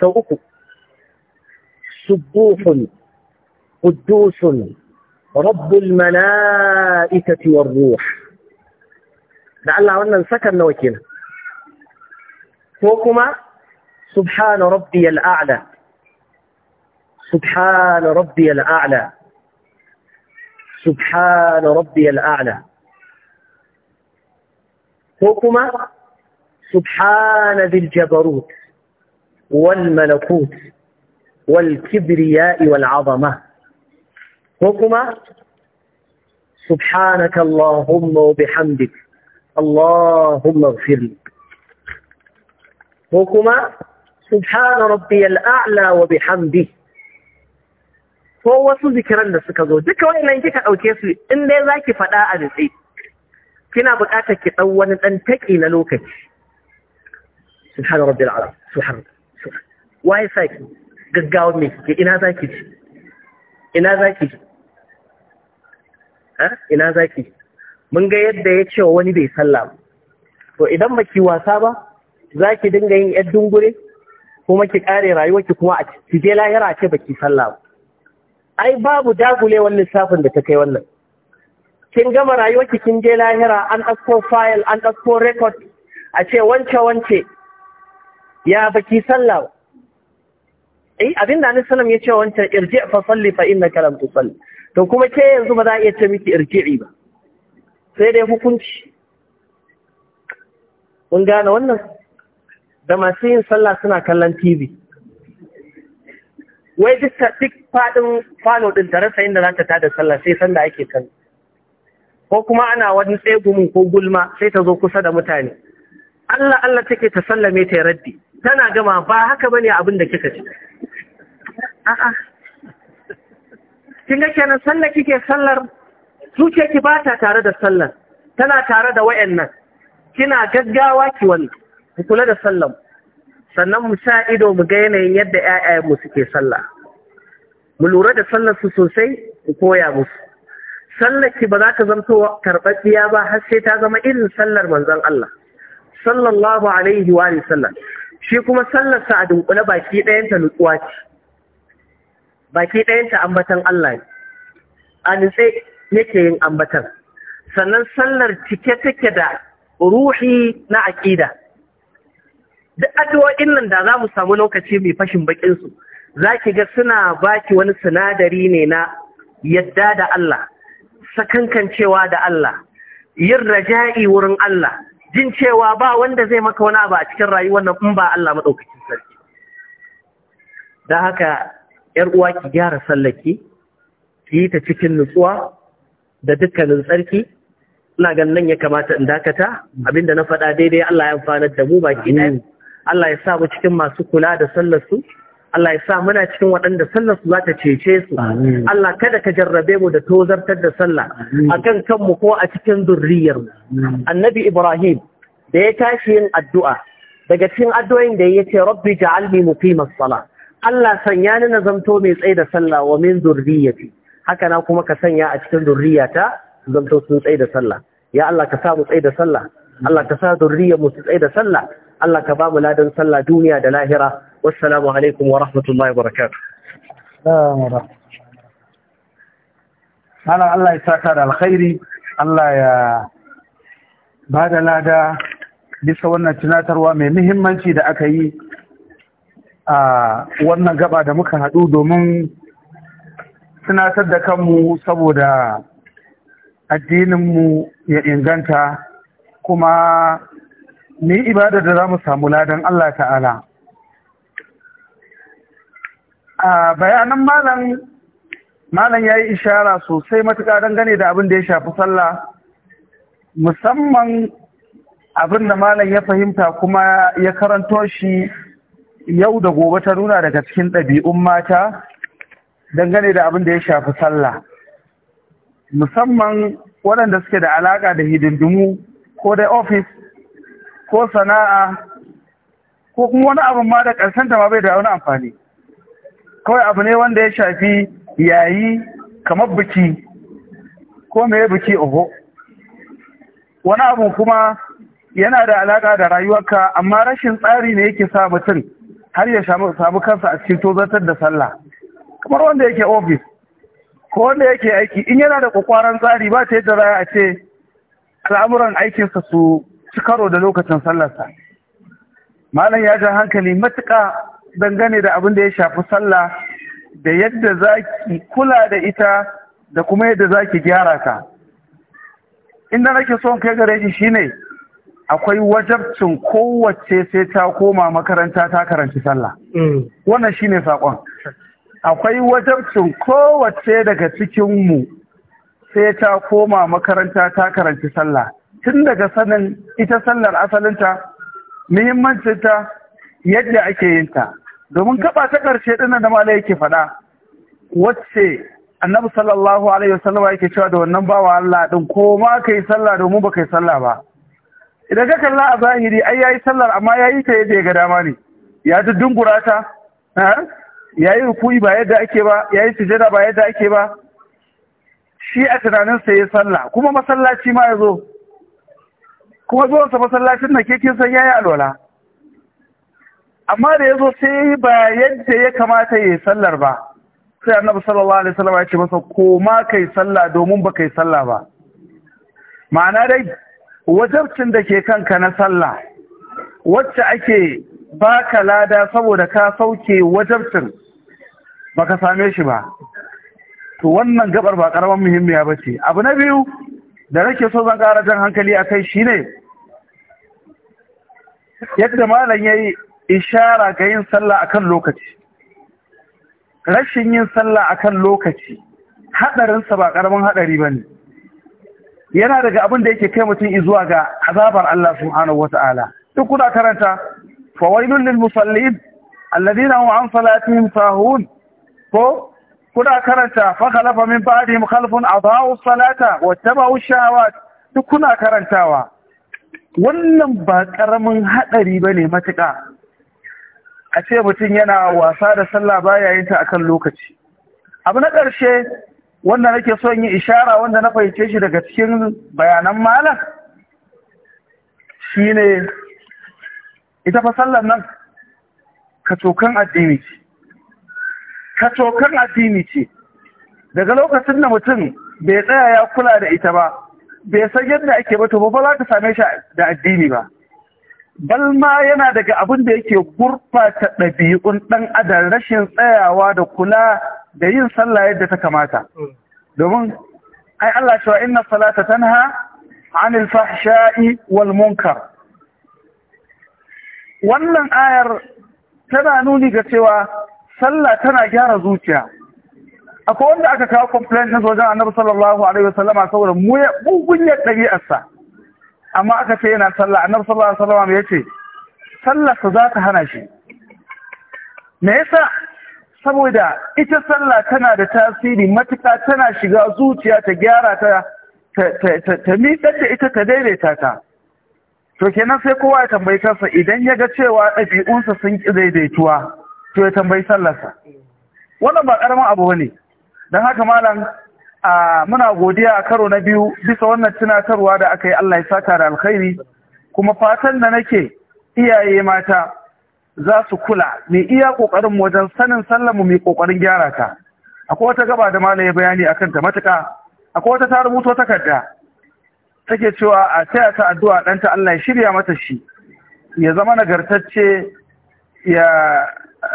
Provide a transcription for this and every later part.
سوق سبوح قدوس رب الملائكة والروح لعل عنا سكن وكنا فوقما سبحان ربي الأعلى سبحان ربي الأعلى سبحان ربي الأعلى فوقما سبحان ذي الجبروت والملكوت والكبرياء والعظمة حكم سبحانك اللهم وبحمدك اللهم اغفر لي حكم سبحان ربي الأعلى وبحمده هو ذكر كرن نسك زوج جكا وإن لا ينجيك أو كيسوي إن لا ذاك فلا أنسي كنا بقاتك أولا أن تكي نلوكك سبحان ربي العظيم سبحان ربي wifi gaggawa me kike ina zaki ki ci ina za ki ha ina zaki mun ga yadda ya ce wani bai sallah to idan ba ki wasa ba za ki dinga yin yaddun gure kuma ki kare rayuwarki kuma a ki je lahira ce baki ki sallah ba ai babu wannan lissafin da ta kai wannan kin gama rayuwarki kin je lahira an ɗauko file an ɗauko rekod a ce wance wance ya baki sallah eh abinda annabi sallam ya ce wancan irji fa salli fa innaka lam tusalli to kuma ke yanzu ba za a iya ce miki irji'i ba sai dai hukunci kun gane wannan da masu yin sallah suna kallon TV wai duk duk fadin falo din tare rasa inda zaka tada sallah sai sanda ake kan ko kuma ana wani tsegumin ko gulma sai ta zo kusa da mutane Allah Allah take ta sallame ta raddi tana gama ba haka bane abin da kika ci a'a kin ga kenan sallar kike sallar zuciya ki ba ta tare da sallar tana tare da wayannan kina gaggawa ki wani ku kula da sallar sannan mu sa ido mu ga yanayin yadda ƴaƴayen mu suke sallah mu lura da sallar su sosai mu koya musu sallar ki ba za ta zanto karɓaɓɓiya ba har sai ta zama irin sallar manzon Allah sallallahu alaihi wa sallam shi kuma sallar sa a dunkule baki ta nutsuwa ce baki ɗayanta ambatan Allah ne a nitse yake yin ambatan sannan sallar cike take da ruhi na aƙida da addu'o'in nan da za mu samu lokaci mai fashin baƙinsu, za ki ga suna baki wani sinadari ne na yadda da Allah sakankancewa da Allah yin raja'i wurin Allah jin cewa ba wanda zai maka wani abu a cikin rayuwar nan in ba Allah madaukakin sarki da haka ‘yar uwa ki gyara sallaki, ki yi ta cikin nutsuwa da dukkanin tsarki, ina ganin nan ya kamata in dakata abinda na faɗa daidai Allah ya amfanar da mu baki ɗaya. Allah ya sa mu cikin masu kula da sallarsu, Allah ya sa muna cikin waɗanda sallarsu za ta cece su, Allah kada ka jarrabe mu da tozartar da sallah a kan kanmu ko a cikin mu. Annabi Ibrahim da ya tashi yin addu'a daga cikin addu'o'in da ya ce Rabbi ja'alni muqimas salah Allah sanya ni na zamto mai tsaye da sallah wa min zurriyati haka na kuma ka sanya a cikin zurriyata zamto sun tsaye da sallah ya Allah ka sa mu tsaye da sallah Allah ka sa zurriyar mu su tsaye da sallah Allah ka ba mu ladan sallah duniya da lahira wassalamu alaikum wa rahmatullahi wa barakatuh Allah Allah ya saka da alkhairi Allah ya ba da lada bisa wannan tunatarwa mai muhimmanci da aka yi a wannan gaba da muka haɗu domin tunatar da kanmu saboda addininmu ya inganta kuma ni ibada da za mu samu ladan Allah ta'ala. A bayanan malam malam ya yi ishara sosai matuƙa dangane da abin da ya shafi sallah musamman abin da malam ya fahimta kuma ya karanto shi yau da gobe ta nuna daga cikin ɗabi'un mata dangane da abin da ya shafi sallah musamman waɗanda suke da alaƙa da hidindimu ko da ofis ko sana'a ko kuma wani abin ma da ƙarshen ta ma bai da wani amfani kawai abu ne wanda ya shafi yayi kamar biki ko mai biki oho wani abu kuma yana da alaƙa da rayuwarka amma rashin tsari ne yake sa mutum har ya samu kansa a cikin tozartar da sallah kamar wanda yake ofis ko wanda yake aiki in yana da kwakwaran tsari ba ta yadda za a ce al'amuran aikinsa su ci karo da lokacin sallarsa malam ya ja hankali matuka dangane da abin da ya shafi sallah da yadda za ki kula da ita da kuma yadda za ki gyara ka inda nake son kai gare shi shine akwai wajabcin kowace sai ta koma makaranta ta karanci sallah mm. wannan shi ne saƙon akwai wajabcin kowace daga cikinmu sai ta koma makaranta ta karanci sallah tun daga sanin ita sallar asalinta muhimmancinta yadda ake yin ta domin gaba ta ƙarshe ɗin da malai yake faɗa wacce annabi sallallahu alaihi wasallama yake cewa da wannan bawa Allah din ko ma yi sallah domin ba yi sallah ba idan ka kalla a zahiri ai yayi sallar amma yayi ta yadda ya ga dama ne ya duddungura ta yayi rukui ba yadda ake ba yayi sujada ba yadda ake ba shi a tunanin sa yayi sallah kuma masallaci ma yazo kuma zo sa masallacin na kekin san yayi alwala amma da yazo sai ba yadda ya kamata yayi sallar ba sai annabi sallallahu alaihi wasallam ya ce masa koma kai sallah domin ba kai sallah ba ma'ana dai wajabcin da ke kanka na sallah wacce ake baka lada saboda ka sauke wajabcin baka same shi ba to wannan gabar ba karaman muhimmiya ba ce abu na biyu da nake so zan kara jan hankali a kai shine yadda malam ya yi ishara ga yin sallah akan lokaci rashin yin sallah akan lokaci haɗarinsa ba ƙaramin haɗari ba ne yana daga abin da yake kai mutum zuwa ga azabar Allah subhanahu wata'ala duk kuna karanta fawailun lil musallin alladhina hum an salatihim sahun ko kuna karanta fa khalafa min ba'dihim khalfun adaa'u salata wattaba'u shahawat duk kuna karantawa wannan ba karamin hadari bane matuƙa a ce mutum yana wasa da sallah baya yin ta kan lokaci abu na ƙarshe wanda nake son yi ishara wanda na fahimce shi daga cikin bayanan malam shine ita fa sallar nan kacokan addini ce kacokan addini ce daga lokacin da mutum bai tsaya ya kula da ita ba bai san yadda ake ba ba za ka same shi da addini ba Balma yana daga abin da yake gurfata ɗabi'un ɗan adam rashin tsayawa da kula da yin sallah yadda ta kamata mm. domin ai Allah cewa inna salata tanha anil fahsha'i wal munkar wannan ayar tana nuni ga cewa sallah tana gyara zuciya akwai wanda aka kawo complaint na wajen annabi sallallahu alaihi wasallama saboda mu ya bugunyar ɗabi'arsa amma aka ce yana sallah annabi sallallahu alaihi wasallama ya ce sallarsa za ta hana shi me yasa saboda ita sallah tana da tasiri matuka tana shiga zuciya ta gyara ta ta miƙar da ita ta daidaita ta to kenan sai kowa ya tambayi kansa idan ya ga cewa ɗabi'unsa sun ƙi daidaituwa to ya tambayi sallarsa wannan ba ƙaramin abu ne don haka malam a muna godiya a karo na biyu bisa wannan tunatarwa da aka yi Allah ya saka da alkhairi kuma fatan da nake iyaye mata za su kula mai iya kokarin wajen sanin sallanmu mai ƙoƙarin gyara ta akwai wata gaba da malaye bayani a kanta matuka akwai wata ta rubuto takarda take cewa a taya ta addu'a ɗanta Allah ya shirya mata shi ya zama nagartacce ya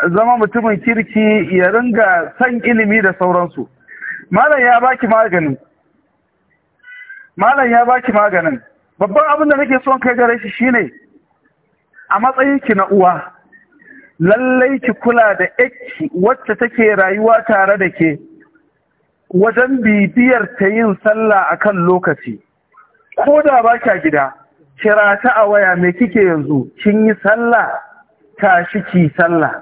zama mutumin kirki ya ringa san ilimi da sauransu malam ya baki maganin maganin babban abin da nake son kai gare shi shine a matsayin ki na uwa lallai ki kula da ƴakki wacce take rayuwa tare da ke wajen bibiyar ta yin sallah kan lokaci ko da ba kya gida kira ta a waya me kike yanzu kin yi sallah tashi ki sallah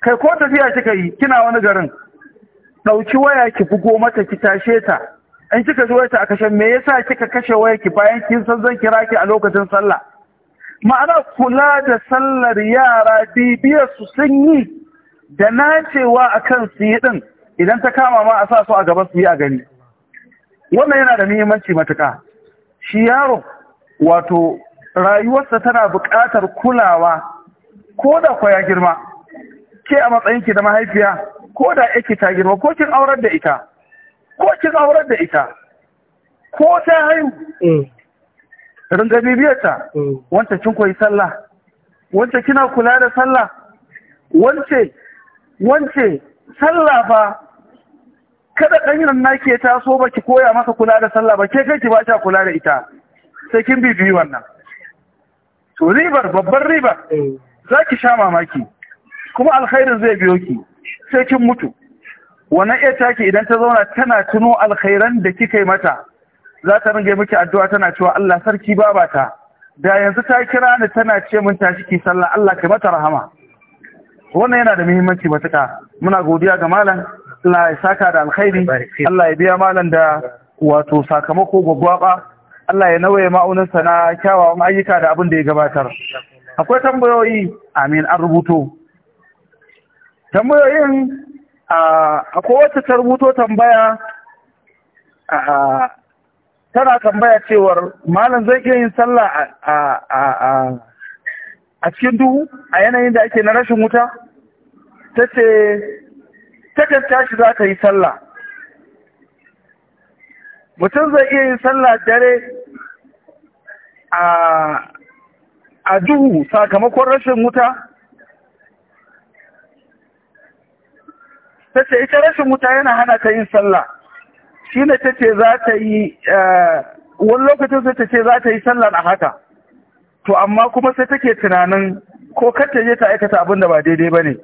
kai ko tafiya kika yi kina wani garin ɗauki waya ki bugo mata ki tashe ta in kika zo ta a kashe me yasa kika kashe waya ki bayan kin san zan kira ki a lokacin sallah ma'ana kula da sallar yara bibiyar su sun yi da nacewa a kan su yi ɗin idan ta kama ma a sa su a gaba su yi a gani wannan yana da muhimmanci matuka. shi yaro wato rayuwarsa tana buƙatar kulawa ko da kwa ya girma ke a matsayin ki da mahaifiya ko da yake ta girma ko kin aurar da ita ko kin aurar da ita ko ta haihu mm. ringa bibiyarta mm. wance kin koyi sallah wance kina kula da sallah wance wance sallah fa kada dan nan taso baki koya masa kula da sallah ba ke kai ki ba ta kula da ita sai kin bibiyi wannan to ribar babban ribar mm. ki sha mamaki kuma alkhairin zai biyo ki sai kin mutu wannan iya taki idan ta zauna tana tuno alkhairan da kika yi mata za ta ringa miki addu'a tana cewa Allah sarki babata da yanzu ta kira ni tana ce min tashi ki sallah Allah kai mata rahama wannan yana da muhimmanci matuka muna godiya ga malam Allah ya saka da alkhairi Allah ya biya malam da wato sakamako gwaggwaba Allah ya nawaye ma'auninsa na kyawawan ayyuka da abin da ya gabatar akwai tambayoyi amin an rubuto tambayoyin akwai wata ta rubuto tambaya tana tambaya cewar malam zai iya yin sallah a cikin duhu a yanayin da ake na rashin wuta ta ce takan tashi za ta yi sallah mutum zai iya yin sallah dare a duhu sakamakon rashin wuta ta ce ita rashin wuta yana hana ta yin sallah shi ne ta ce za ta yi eh, wani lokacin sai ta ce za ta yi sallah a haka to amma kuma sai take tunanin ko kar ta je ta aikata abin da ba daidai ba ne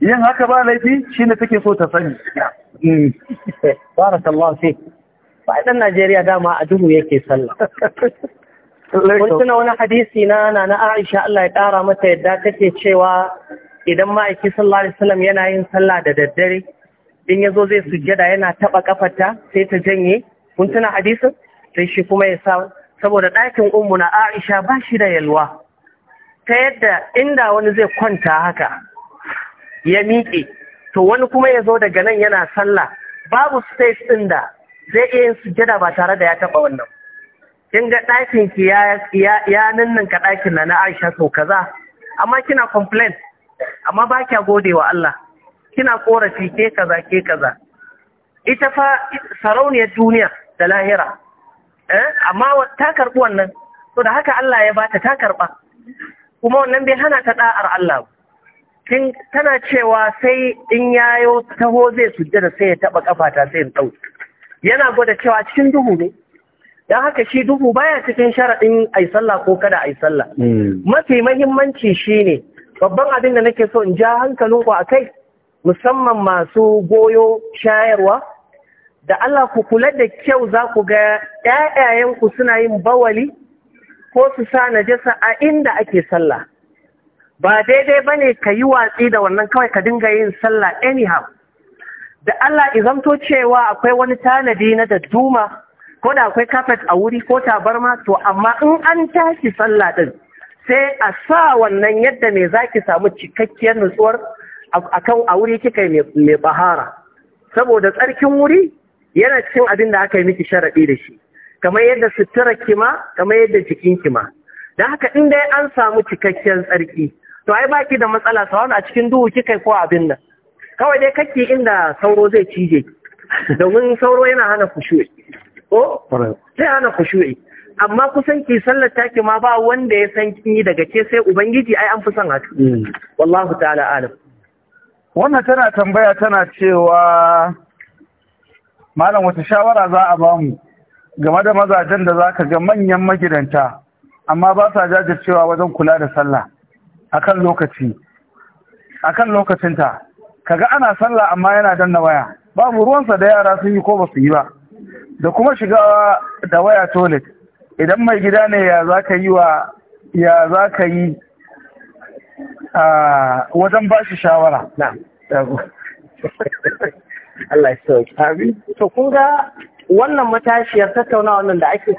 yin haka ba laifi shi ne take so ta sani hmm. barakallahu ba Najeriya dama a duhu yake sallah kun tuna wani hadisi na na Aisha Allah ya ƙara mata yadda take cewa idan ma'aiki sallallahu alaihi yana yin sallah da daddare in yazo zai sujjada yana taba kafarta sai ta janye kun tuna hadisin sai shi kuma ya sa saboda ɗakin ummu na Aisha ba shi da yalwa ta yadda inda wani zai kwanta haka ya miƙe to wani kuma ya zo daga nan yana sallah babu space ɗin da zai iya yin sujjada ba tare da ya taɓa wannan kin ga ɗakin ki ya ninninka ɗakin na na Aisha sau kaza amma kina complain amma ba kya gode Allah kina korafi ke kaza ke kaza ita fa sarauniyar duniya da lahira eh, amma ta karɓi wannan to da haka Allah ya bata ta karɓa kuma wannan bai hana ta da'ar Allah kin tana cewa sai in yayo taho zai da sai ya taba kafata sai in dauki yana gwada cewa cikin duhu ne don haka shi duhu baya cikin sharaɗin ai sallah ko kada ai sallah hmm. mafi mahimmanci shine babban abin da nake so in ja hankalinku ku akai musamman masu goyo shayarwa da Allah ku kula da kyau za ku ga ‘ya'yayenku suna yin bawali ko su sa najasa a inda ake sallah. Ba daidai ba ne ka yi watsi da wannan kawai ka dinga yin sallah anyhow. Da Allah izamto cewa akwai wani tanadi na dadduma ko da akwai kafet a wuri ko tabarma to amma in an tashi sallah ɗin sai a sa wannan yadda mai zaki samu cikakkiyar nutsuwar akan a wuri kika yi mai bahara saboda tsarkin wuri yana cikin abin da aka yi miki sharaɗi da shi kamar yadda sutura kima kamar yadda jikin kima da haka in dai an samu cikakken tsarki to ai baki da matsala sawan a cikin duhu kika ko abin nan kawai dai kake inda sauro zai cije domin sauro yana hana kushu'i ko zai hana kushu'i amma kusan ki sallar taki ma ba wanda ya san kin yi daga ke sai ubangiji ai an fi son haka hmm. wallahu ta'ala alam wannan tana tambaya tana cewa malam wata shawara za a bamu game da mazajen da za ka ga manyan magidanta amma ba sa jajircewa wajen kula da sallah akan lokaci akan lokacinta kaga ana sallah amma yana danna waya babu ruwansa da yara sun yi ko ba su yi ba da kuma shigawa da waya toilet idan mai gida ne ya za ka yi wa ya za ka yi Ah, wajen ba shi shawara Allah ya sauki amin to kun ga wannan matashiyar tattaunawa nan da ake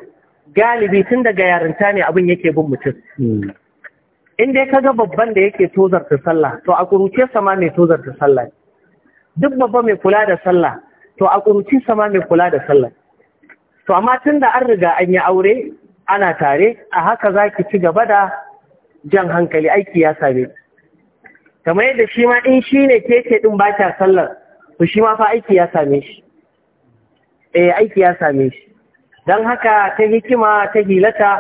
galibi tun daga yarinta ne abin yake bin mutum hmm. in dai kaga babban da yake tozarta sallah to a kuruce sama mai tozarta sallah duk babba mai kula da sallah to a kuruci sama mai kula da sallah to amma tun da an riga an yi aure ana tare a haka za ki ci gaba da jan hankali aiki ya same kamar yadda shi ma in shi ne keke ɗin ba ta sallar to shi ma fa aiki ya same shi eh aiki ya same shi don haka ta hikima ta hilata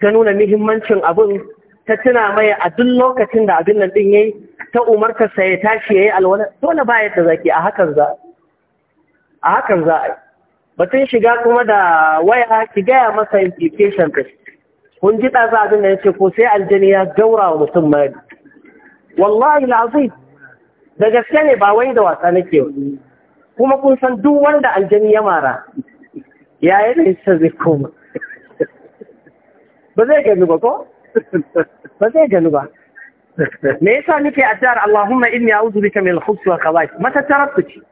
ta nuna muhimmancin abin ta tuna mai a duk lokacin da abin nan ya yi, ta umarta sa ya tashi yayi alwala dole ba yadda zaki a hakan za a hakan za a batun shiga kuma da waya ki gaya masa implication ɗin kun ji ɗaza abin da ya ce ko sai aljani ya gaura wa mutum mari wallahi lazim da gaske ne ba wai da wasa nake kuma kun san duk wanda aljani ya mara ya yi da isa zai koma ba zai gani ba ko ba zai gani ba me yasa nake addu'ar Allahumma inni a'udhu bika min al-khubuthi wal khabaith mata tarabbuci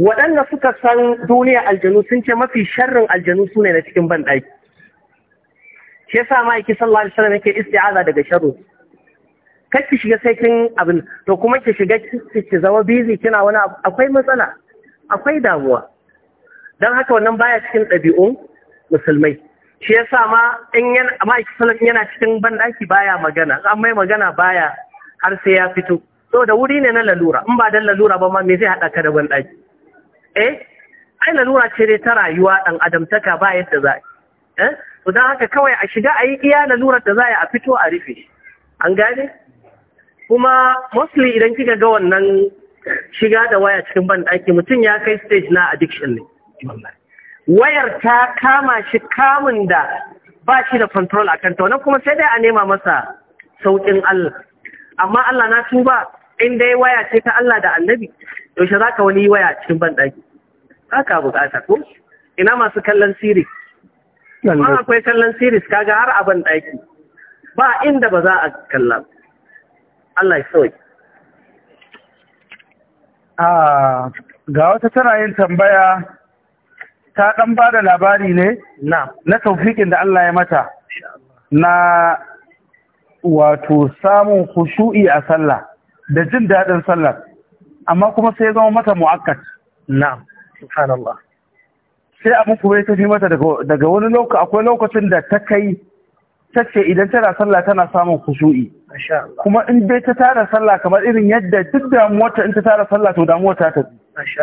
waɗanda suka san duniya aljanu sun ce mafi sharrin aljanu sune na cikin banɗaki shi yasa ma'aiki sallallahu alaihi wasallam yake isti'aza daga sharri kar ki shiga sai kin abin to kuma ki shiga ki zama busy kina wani akwai matsala akwai damuwa dan haka wannan baya cikin ɗabi'un musulmai shi yasa ma in yana ma'aiki sallallahu yana cikin bandaki baya magana an mai magana baya har sai ya fito da wuri ne na lalura in ba dan lalura ba ma me zai haɗa ka da bandaki eh ai lalura ce dai ta rayuwa ɗan adamtaka ba yadda za eh to don haka kawai a shiga a yi iya lalurar da za a fito a rufe an gane kuma mostly idan kika ga wannan shiga da waya cikin banɗaki mutum ya kai stage na addiction ne wayar ta kama shi kamun da ba shi da control a kanta wannan kuma sai dai a nema masa sauƙin Allah amma Allah na tuba in dai waya ce ta Allah da annabi yaushe za ka wani waya cikin banɗaki ka bukata ko ina masu kallon siri amma akwai kallon series kaga har a banɗaki, ba inda ba za a kalla Allah ya sauke Ah, ga wata tana yin tambaya ta ɗan ba da labari ne na taufikin da Allah ya mata na wato samun khushu'i a sallah da jin daɗin sallah, amma kuma sai zama mata mu'akkat na'am subhanallah sai abin kuma ya tafi mata daga wani lokaci akwai lokacin da ta kai ta idan tana sallah tana samun kusu'i kuma in dai ta tara sallah kamar irin yadda duk damuwarta in ta tara sallah to damuwar ta tafi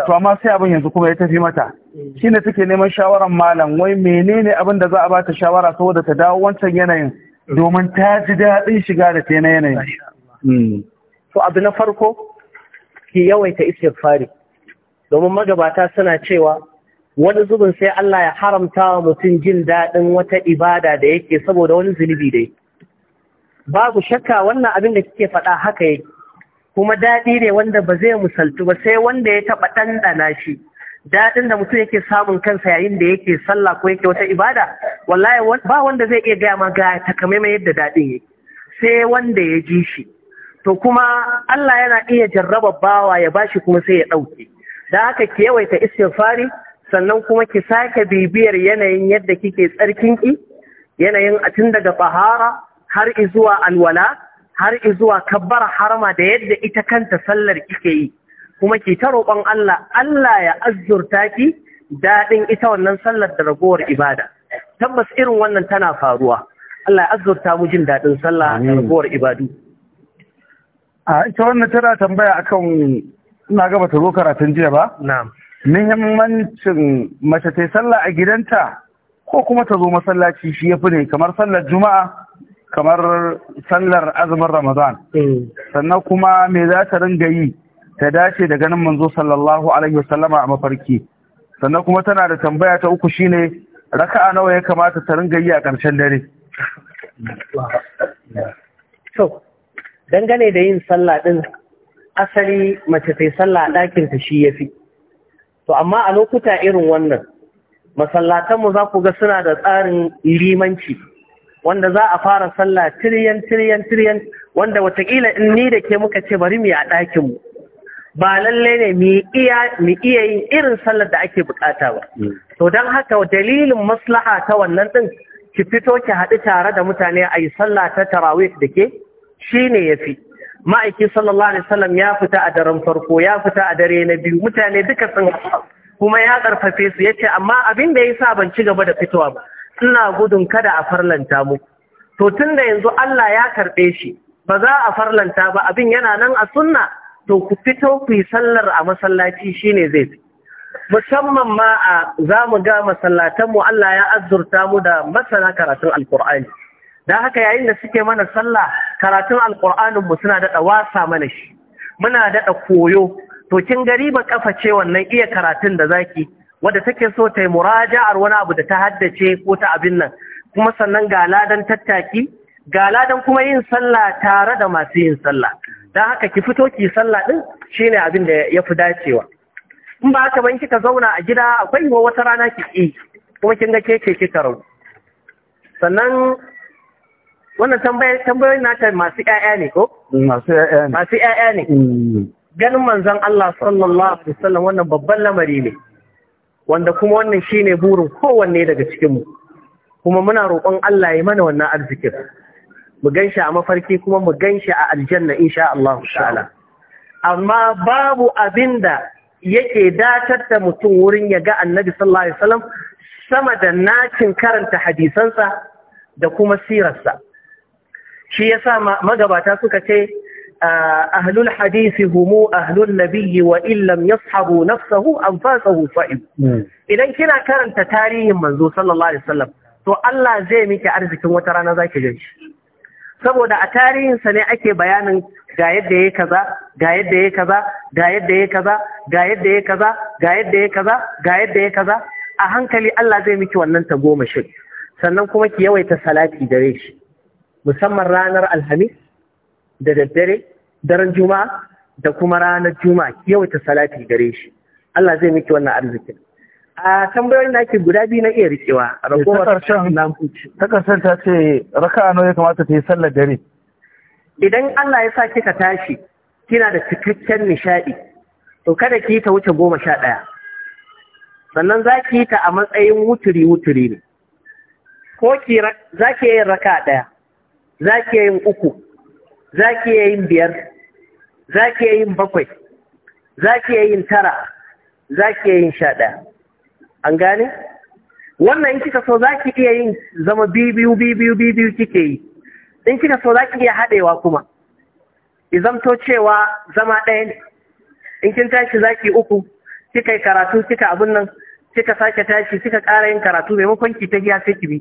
to amma sai abin yanzu kuma ya tafi mata eh. shine take neman shawaran malam wai menene abin da za a bata shawara saboda ta dawo wancan yanayin eh. domin ta ji daɗin shiga da ta yanayin to abu na farko ki yawaita istighfari domin magabata suna cewa wani zubin sai Allah ya haramta wa mutum jin daɗin wata ibada da yake saboda wani zunubi dai babu shakka wannan abin da kike faɗa haka yake kuma daɗi ne wanda ba zai musaltu ba sai wanda ya taɓa ɗanɗana shi daɗin da mutum yake samun kansa yayin da yake sallah ko yake wata ibada wallahi ba wanda zai iya gaya ma ga takamaiman yadda daɗin yake sai wanda ya ji shi to kuma Allah yana iya jarraba bawa ya bashi kuma sai ya ɗauke da haka ki yawaita fari? sannan kuma ki sake bibiyar yanayin yadda kike tsarkin ki yanayin a tun daga tsahara har izuwa alwala har izuwa kabbar harma da yadda ita kanta sallar kike yi kuma ki ta roƙon Allah Allah ya azurta ki daɗin ita wannan sallar da ragowar ibada tabbas irin wannan tana faruwa Allah ya azurta mu jin daɗin sallah da ragowar ibadu a ita wannan tana tambaya akan ina gaba ta zo karatun jiya ba na'am muhimmancin mace ta sallah a gidanta ko kuma ta zo masallaci shi ya fi ne kamar sallar juma'a kamar sallar azumin ramadan eh. sannan kuma me za ta ringa yi ta dace da ganin manzo sallallahu alaihi wasallama a mafarki sannan kuma tana da tambaya ta uku shine raka'a nawa ya kamata ta ringa yi a ƙarshen dare to dangane da yin sallah din asali mace ta sallah a ɗakin ta shi yafi to amma a lokuta irin wannan masallatanmu za ku ga suna da tsarin limanci wanda za a fara sallah tiryan tiryan tiryan wanda watakila in ni da ke muka ce bari mu yi a mu, ba lallai ne mu iya yin irin sallar da ake bukata ba mm. to don haka dalilin maslaha ta wannan ɗin ki fito ki haɗu tare da mutane a yi sallah ta tarawih da ke shi ne ya fi ma'aiki sallallahu alaihi wasallam ya fita a daren farko ya fita a dare na biyu mutane duka sun kuma ya karfafe su yace amma abin da yasa ban ci gaba da fitowa ba ina gudun kada a farlanta mu to tunda yanzu Allah ya karbe shi ba za a farlanta ba abin yana nan a sunna to ku fito ku yi sallar a masallaci shine zai fi musamman ma a za mu ga masallatanmu Allah ya azurta mu da masana karatun alkur'ani don haka yayin da suke mana sallah karatun alƙur'anin mu suna daɗa wasa mana shi muna daɗa koyo to kin gari ba ƙafa ce wannan iya karatun da zaki wadda take so ta yi muraja'ar wani abu da ta haddace ko ta abin nan kuma sannan ga ladan tattaki ga ladan kuma yin sallah tare da masu yin sallah don haka ki fito ki sallah din shine abin da ya fi dacewa in ba haka ban kika zauna a gida akwai wata rana ki kuma kin ga ke kika rau sannan wannan tambayoyin nata masu ƴaƴa ne ko mm, masu ƴaƴa ne masu ƴaƴa ne mm. ganin manzon Allah sallallahu alaihi wasallam wannan babban lamari ne wanda kuma wannan shine burin kowanne daga cikin mu kuma muna roƙon Allah ya mana wannan arzikin mu ganshi a mafarki kuma mu ganshi a aljanna insha Allah ta'ala amma babu abinda yake datar da mutum wurin ya ga annabi sallallahu alaihi wasallam sama da nacin karanta hadisansa da kuma sirarsa shi ya sa magabata suka ce ahlul hadisi humu ahlun nabiyyi wa illam yashabu nafsahu anfasahu fa'il hmm. idan kina karanta tarihin manzo sallallahu alaihi wasallam to Allah zai miki arzikin wata rana zaki gan shi saboda a tarihinsa ne ake bayanin ga yadda ya kaza ga yadda ya kaza ga yadda ya kaza ga yadda ya kaza ga yadda ya kaza ga yadda ya kaza a hankali Allah zai miki wannan ta goma shi, sannan kuma ki yawaita salati dare shi musamman ranar alhamis da daddare daren juma'a da kuma ranar juma'a yawaita salati gare shi Allah zai miki wannan arzikin a tambayoyin da ake guda biyu na iya rikewa a eh, ragowar ta karshen ta ce raka nawa ya kamata ta yi sallar dare idan Allah ya sa kika tashi kina da cikakken nishadi to kada ki yi ta wuce goma sha ɗaya sannan za ki yi ta a matsayin wuturi wuturi ne ko ki za ki yi raka ɗaya za ki yin uku za ki yin biyar za ki yin bakwai za ki yin tara za ki yin sha ɗaya an gane wannan in kika so za ki iya yin zama bibiyu bibiyu bibiyu kike yi in kika so za ki iya haɗewa kuma izamto cewa zama ɗaya ne in kin tashi za ki uku kika yi karatu kika abin nan kika sake tashi kika ƙara yin karatu maimakon ki ta biya sai ki bi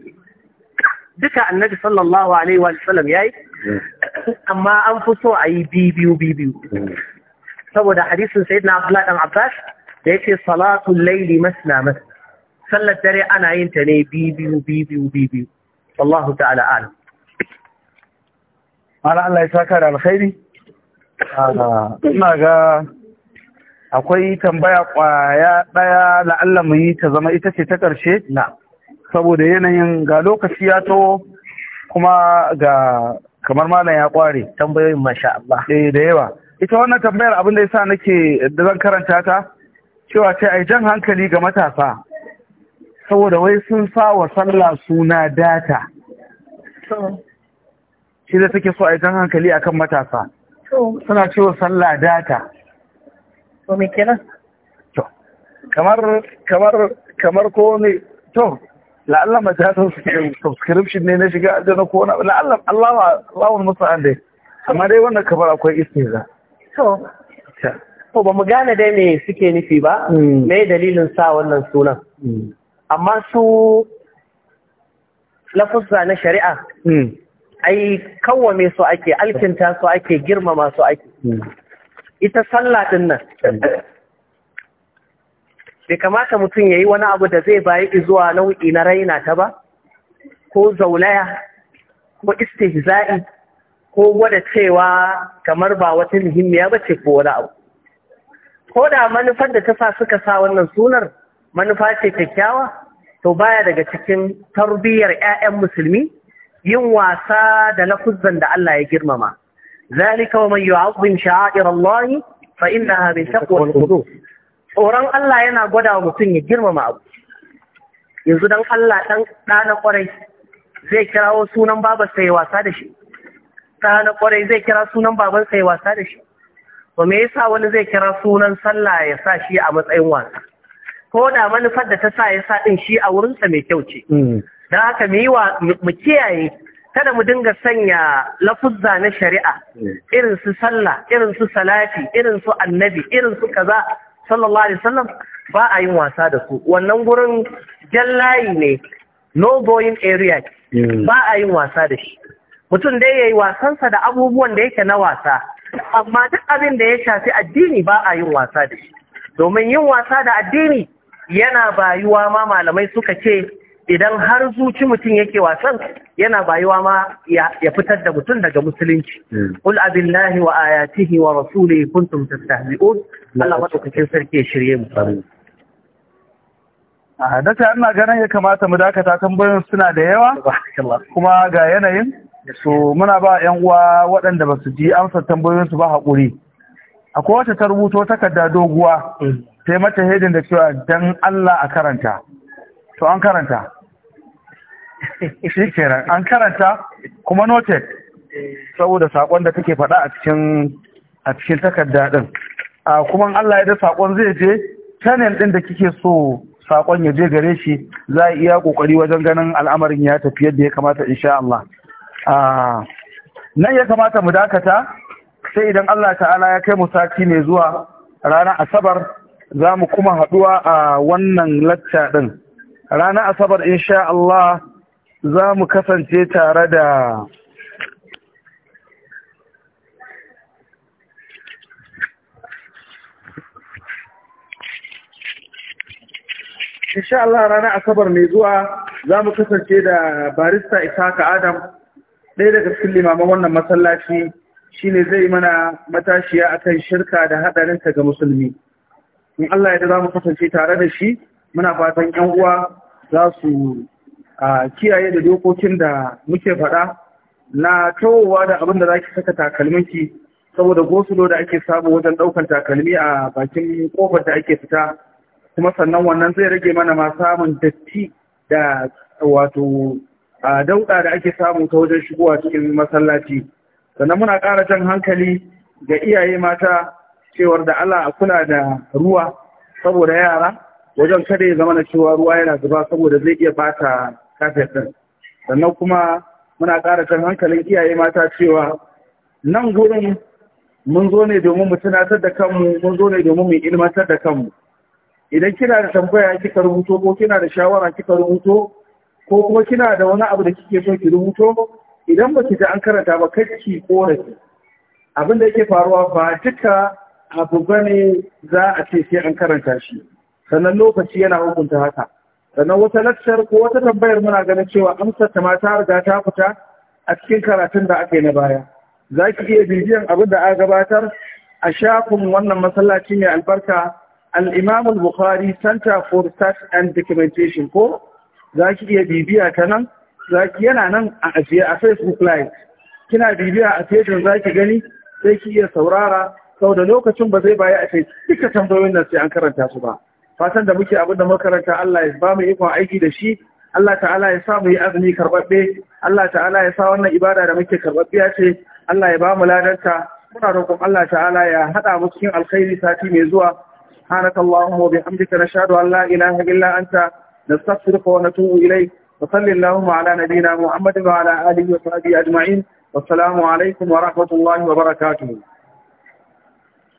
duka annabi sallallahu alaihi wa sallam yayi amma an fi so a yi biyu biyu saboda hadisin sayyidina Abdullah dan Abbas da yake salatul layli masna masna sallar dare ana yin ta ne biyu biyu biyu wallahu ta'ala alam Allah Allah ya saka da alkhairi ina ga akwai tambaya kwaya daya la'alla mu yi ta zama ita ce ta karshe na saboda yanayin ga lokaci ya to kuma ga kamar malam ya kware tambayoyin masha Allah eh da yawa ita wannan tambayar abin da yasa nake da zan karanta ta cewa ce ai jan hankali ga matasa saboda wai sun sa wa sallah suna data shi da take so a jan hankali akan matasa suna cewa sallah data to me kenan to kamar kamar kamar ko ne to la'allah mace ta subscription ne na shiga aljanna ko wani la'allah Allah Allah an dai amma dai wannan kamar akwai istiza to to ba mu gane dai me suke nufi ba me dalilin sa wannan sunan amma su lafuzza na shari'a ai kawwame su ake alkinta su ake girmama su ake ita sallah din nan bai kamata mutum ya yi wani abu da zai bayi zuwa nau'i na raina ta ba ko zaulaya ko istihza'i ko gwada cewa kamar ba wata muhimmiya ba ce ko wani abu ko da manufar da ta sa suka sa wannan sunar manufa ce kyakkyawa to baya daga cikin tarbiyyar 'ya'yan musulmi yin wasa da lafuzan da Allah ya girmama zalika wa man yu'azzim sha'air Allah fa innaha min taqwa al tsoron Allah yana gwada wa mutum ya girmama abu yanzu dan Allah dan ɗana ƙwarai zai kira sunan babarsa ya wasa da shi ɗana ƙwarai zai kira sunan babansa ya wasa da shi ba me yasa wani zai kira sunan sallah ya sa shi a matsayin wasa ko da manufar da ta sa ya sa din shi a wurinsa mai kyau ce hmm. don haka mu yi wa mu kiyaye kada mu dinga sanya lafuzza na shari'a hmm. irin su sallah irin su salati irin su annabi irin su kaza sallallahu alaihi wasallam ba a yin wasa da su wannan gurin jallayi ne no going area hmm. ba a yin wasa da shi mutum dai yayi wasansa da abubuwan da yake na wasa amma duk abin da ya shafi addini ba a yin wasa da shi domin yin wasa da addini yana bayuwa ma malamai suka ce idan har zuci mutum yake wasan yana bayuwa ma ya fitar da mutum daga musulunci hmm. qul abillahi wa ayatihi wa rasuli kuntum tastahzi'un hmm. Allah madaukakin sarki ya shirye mu ah, Daka ina ganin ya kamata mu dakata tambayoyin suna da yawa kuma ga yanayin so muna ba yan uwa waɗanda ba su ji amsar tambayoyinsu ba haƙuri akwai wata ta rubuto takarda doguwa sai hmm. mata hedin da cewa dan Allah a karanta to an karanta shi kenan an karanta kuma noted saboda sakon da kake faɗa a cikin a cikin takarda din a kuma Allah ya da sakon zai je channel din da kike so sakon ya je gare shi za a iya kokari wajen ganin al'amarin ya tafi yadda ya kamata insha Allah nan ya kamata mu dakata sai idan Allah ta'ala ya kai mu sati mai zuwa ranar asabar za mu kuma haɗuwa a wannan lacca ɗin ranar asabar insha Allah za mu kasance tare da insha Allah ranar asabar mai zuwa za mu kasance da barista isaka adam ɗaya daga cikin limaman wannan masallaci shine zai mana matashiya akan shirka da haɗarinta ga musulmi in Allah ya da za mu kasance tare da shi muna fatan yan uwa za su a kiyaye da dokokin da muke faɗa na tawowa da abin da za ki saka takalminki saboda gosulo da ake samu wajen ɗaukan takalmi a bakin kofar da ake fita kuma sannan wannan zai rage mana ma samun datti da wato a dauka da ake samu ta wajen shigowa cikin masallaci sannan muna ƙara jan hankali ga iyaye mata cewar da Allah a kula da ruwa saboda yara wajen kada ya zama na cewa ruwa yana zuba saboda zai iya bata kafin ɗin sannan kuma muna ƙara kan hankalin iyaye mata cewa nan gurin mun zo ne domin mu tunatar da kanmu mun zo ne domin mu ilmantar da kanmu idan kina da tambaya kika rubuto ko kina da shawara kika rubuto ko kuma kina da wani abu da kike so ki rubuto idan ba ki ji an karanta ba kai ki korafi abin da yake faruwa ba duka abu bane za a ce sai an karanta shi sannan lokaci yana hukunta haka sannan wata lakcar ko wata tambayar muna ganin cewa amsar ta mata ta riga ta fita a cikin karatun da aka yi na baya za ki iya bibiyan abin da aka gabatar a shafin wannan masallaci mai albarka al-imam bukhari center for research and documentation ko za ki iya bibiya ta nan za ki yana nan a ajiye a facebook live kina bibiya a fejin za ki gani sai ki iya saurara sau da lokacin ba zai baya a ce duka tambayoyin da sai an karanta su ba fatan da muke abin da makaranta Allah ya ba mu ikon aiki da shi Allah ta'ala ya sa mu yi azumi karɓaɓɓe Allah ta'ala ya sa wannan ibada da muke karɓaɓɓiya ce Allah ya ba mu ladanta muna roƙon Allah ta'ala ya haɗa mu cikin alkhairi sati mai zuwa subhanakallahumma wa bihamdika nashhadu an la ilaha illa anta nastaghfiruka wa natubu ilayk wa sallallahu ala nabiyyina muhammadin wa ala alihi wa sahbihi ajma'in wassalamu alaikum wa rahmatullahi wa barakatuh